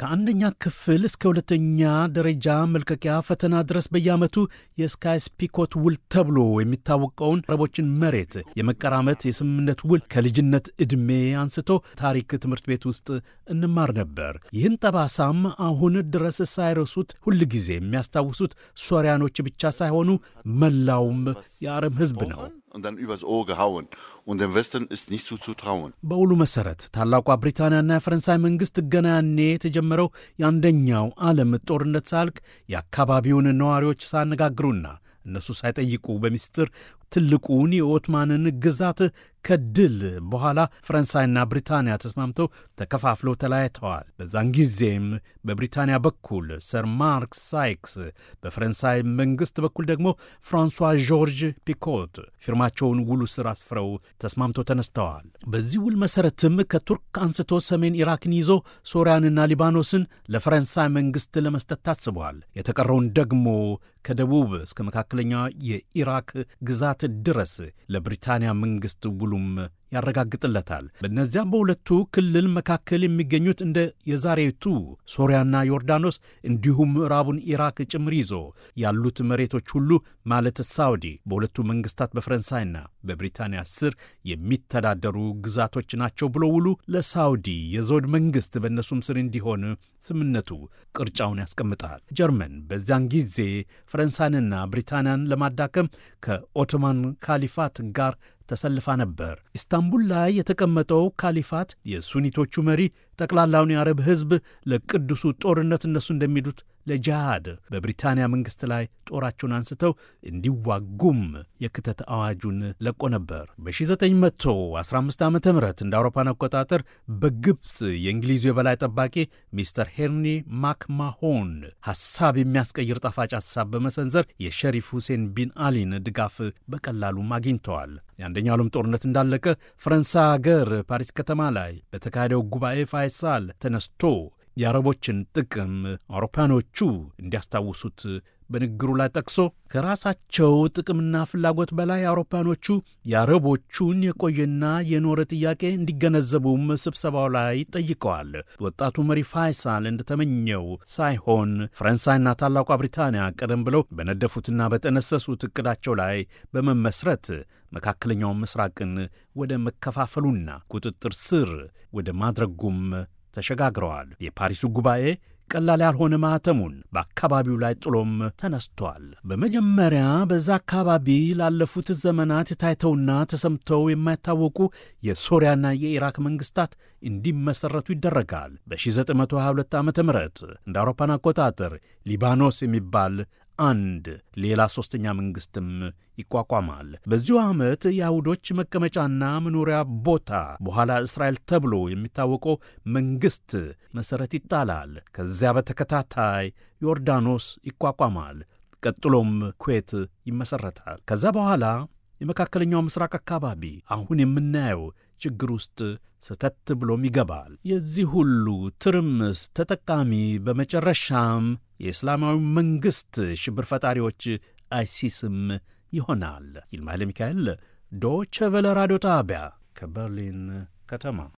ከአንደኛ ክፍል እስከ ሁለተኛ ደረጃ መልቀቂያ ፈተና ድረስ በየዓመቱ የስካይስ ፒኮት ውል ተብሎ የሚታወቀውን አረቦችን መሬት የመቀራመት የስምምነት ውል ከልጅነት ዕድሜ አንስቶ ታሪክ ትምህርት ቤት ውስጥ እንማር ነበር። ይህን ጠባሳም አሁን ድረስ ሳይረሱት ሁል ጊዜ የሚያስታውሱት ሶሪያኖች ብቻ ሳይሆኑ መላውም የአረብ ሕዝብ ነው። und dann übers Ohr gehauen. Und dem Westen ist nicht በውሉ መሰረት ታላቋ ብሪታንያና የፈረንሳይ መንግስት ገና ያኔ የተጀመረው የአንደኛው ዓለም ጦርነት ሳልቅ የአካባቢውን ነዋሪዎች ሳያነጋግሩና እነሱ ሳይጠይቁ በሚስጥር ትልቁን የኦትማንን ግዛት ከድል በኋላ ፈረንሳይና ብሪታንያ ተስማምተው ተከፋፍለው ተለያይተዋል። በዛን ጊዜም በብሪታንያ በኩል ሰር ማርክ ሳይክስ፣ በፈረንሳይ መንግሥት በኩል ደግሞ ፍራንሷ ጆርጅ ፒኮት ፊርማቸውን ውሉ ስር አስፍረው ተስማምተው ተነስተዋል። በዚህ ውል መሠረትም ከቱርክ አንስቶ ሰሜን ኢራክን ይዞ ሶሪያንና ሊባኖስን ለፈረንሳይ መንግሥት ለመስጠት ታስቧል። የተቀረውን ደግሞ ከደቡብ እስከ መካከለኛ የኢራክ ግዛት ድረስ ለብሪታንያ መንግሥት ውሉም ያረጋግጥለታል። በእነዚያም በሁለቱ ክልል መካከል የሚገኙት እንደ የዛሬቱ ሶሪያና ዮርዳኖስ እንዲሁም ምዕራቡን ኢራቅ ጭምር ይዞ ያሉት መሬቶች ሁሉ ማለት ሳውዲ በሁለቱ መንግስታት በፈረንሳይና በብሪታንያ ስር የሚተዳደሩ ግዛቶች ናቸው ብሎ ውሉ ለሳውዲ የዘውድ መንግስት በእነሱም ስር እንዲሆን ስምነቱ ቅርጫውን ያስቀምጣል። ጀርመን በዚያን ጊዜ ፈረንሳይንና ብሪታንያን ለማዳከም ከኦቶማን ካሊፋት ጋር ተሰልፋ ነበር። ኢስታንቡል ላይ የተቀመጠው ካሊፋት የሱኒቶቹ መሪ ጠቅላላውን የአረብ ሕዝብ ለቅዱሱ ጦርነት እነሱ እንደሚሉት ለጃሃድ በብሪታንያ መንግሥት ላይ ጦራቸውን አንስተው እንዲዋጉም የክተት አዋጁን ለቆ ነበር። በ1915 ዓ ም እንደ አውሮፓን አቆጣጠር በግብፅ የእንግሊዙ የበላይ ጠባቂ ሚስተር ሄርኒ ማክማሆን ሐሳብ የሚያስቀይር ጣፋጭ ሐሳብ በመሰንዘር የሸሪፍ ሁሴን ቢን አሊን ድጋፍ በቀላሉም አግኝተዋል። የአንደኛው ዓለም ጦርነት እንዳለቀ ፈረንሳይ አገር ፓሪስ ከተማ ላይ በተካሄደው ጉባኤ ፋይሳል ተነስቶ የአረቦችን ጥቅም አውሮፓኖቹ እንዲያስታውሱት በንግግሩ ላይ ጠቅሶ ከራሳቸው ጥቅምና ፍላጎት በላይ አውሮፓኖቹ የአረቦቹን የቆየና የኖረ ጥያቄ እንዲገነዘቡም ስብሰባው ላይ ጠይቀዋል። ወጣቱ መሪ ፋይሳል እንደተመኘው ሳይሆን ፈረንሳይና ታላቋ ብሪታንያ ቀደም ብለው በነደፉትና በጠነሰሱት እቅዳቸው ላይ በመመስረት መካከለኛውን ምስራቅን ወደ መከፋፈሉና ቁጥጥር ስር ወደ ማድረጉም ተሸጋግረዋል። የፓሪሱ ጉባኤ ቀላል ያልሆነ ማኅተሙን በአካባቢው ላይ ጥሎም ተነስቷል። በመጀመሪያ በዛ አካባቢ ላለፉት ዘመናት ታይተውና ተሰምተው የማይታወቁ የሶሪያና የኢራክ መንግሥታት እንዲመሠረቱ ይደረጋል። በ1922 ዓ ም እንደ አውሮፓን አቆጣጠር ሊባኖስ የሚባል አንድ ሌላ ሦስተኛ መንግሥትም ይቋቋማል። በዚሁ ዓመት የአይሁዶች መቀመጫና መኖሪያ ቦታ በኋላ እስራኤል ተብሎ የሚታወቀው መንግሥት መሠረት ይጣላል። ከዚያ በተከታታይ ዮርዳኖስ ይቋቋማል። ቀጥሎም ኩዌት ይመሠረታል። ከዛ በኋላ የመካከለኛው ምስራቅ አካባቢ አሁን የምናየው ችግር ውስጥ ሰተት ብሎም ይገባል። የዚህ ሁሉ ትርምስ ተጠቃሚ በመጨረሻም የእስላማዊ መንግሥት ሽብር ፈጣሪዎች አይሲስም ይሆናል። ይልማ ሚካኤል ዶቸ ቨለ ራዲዮ ጣቢያ ከበርሊን ከተማ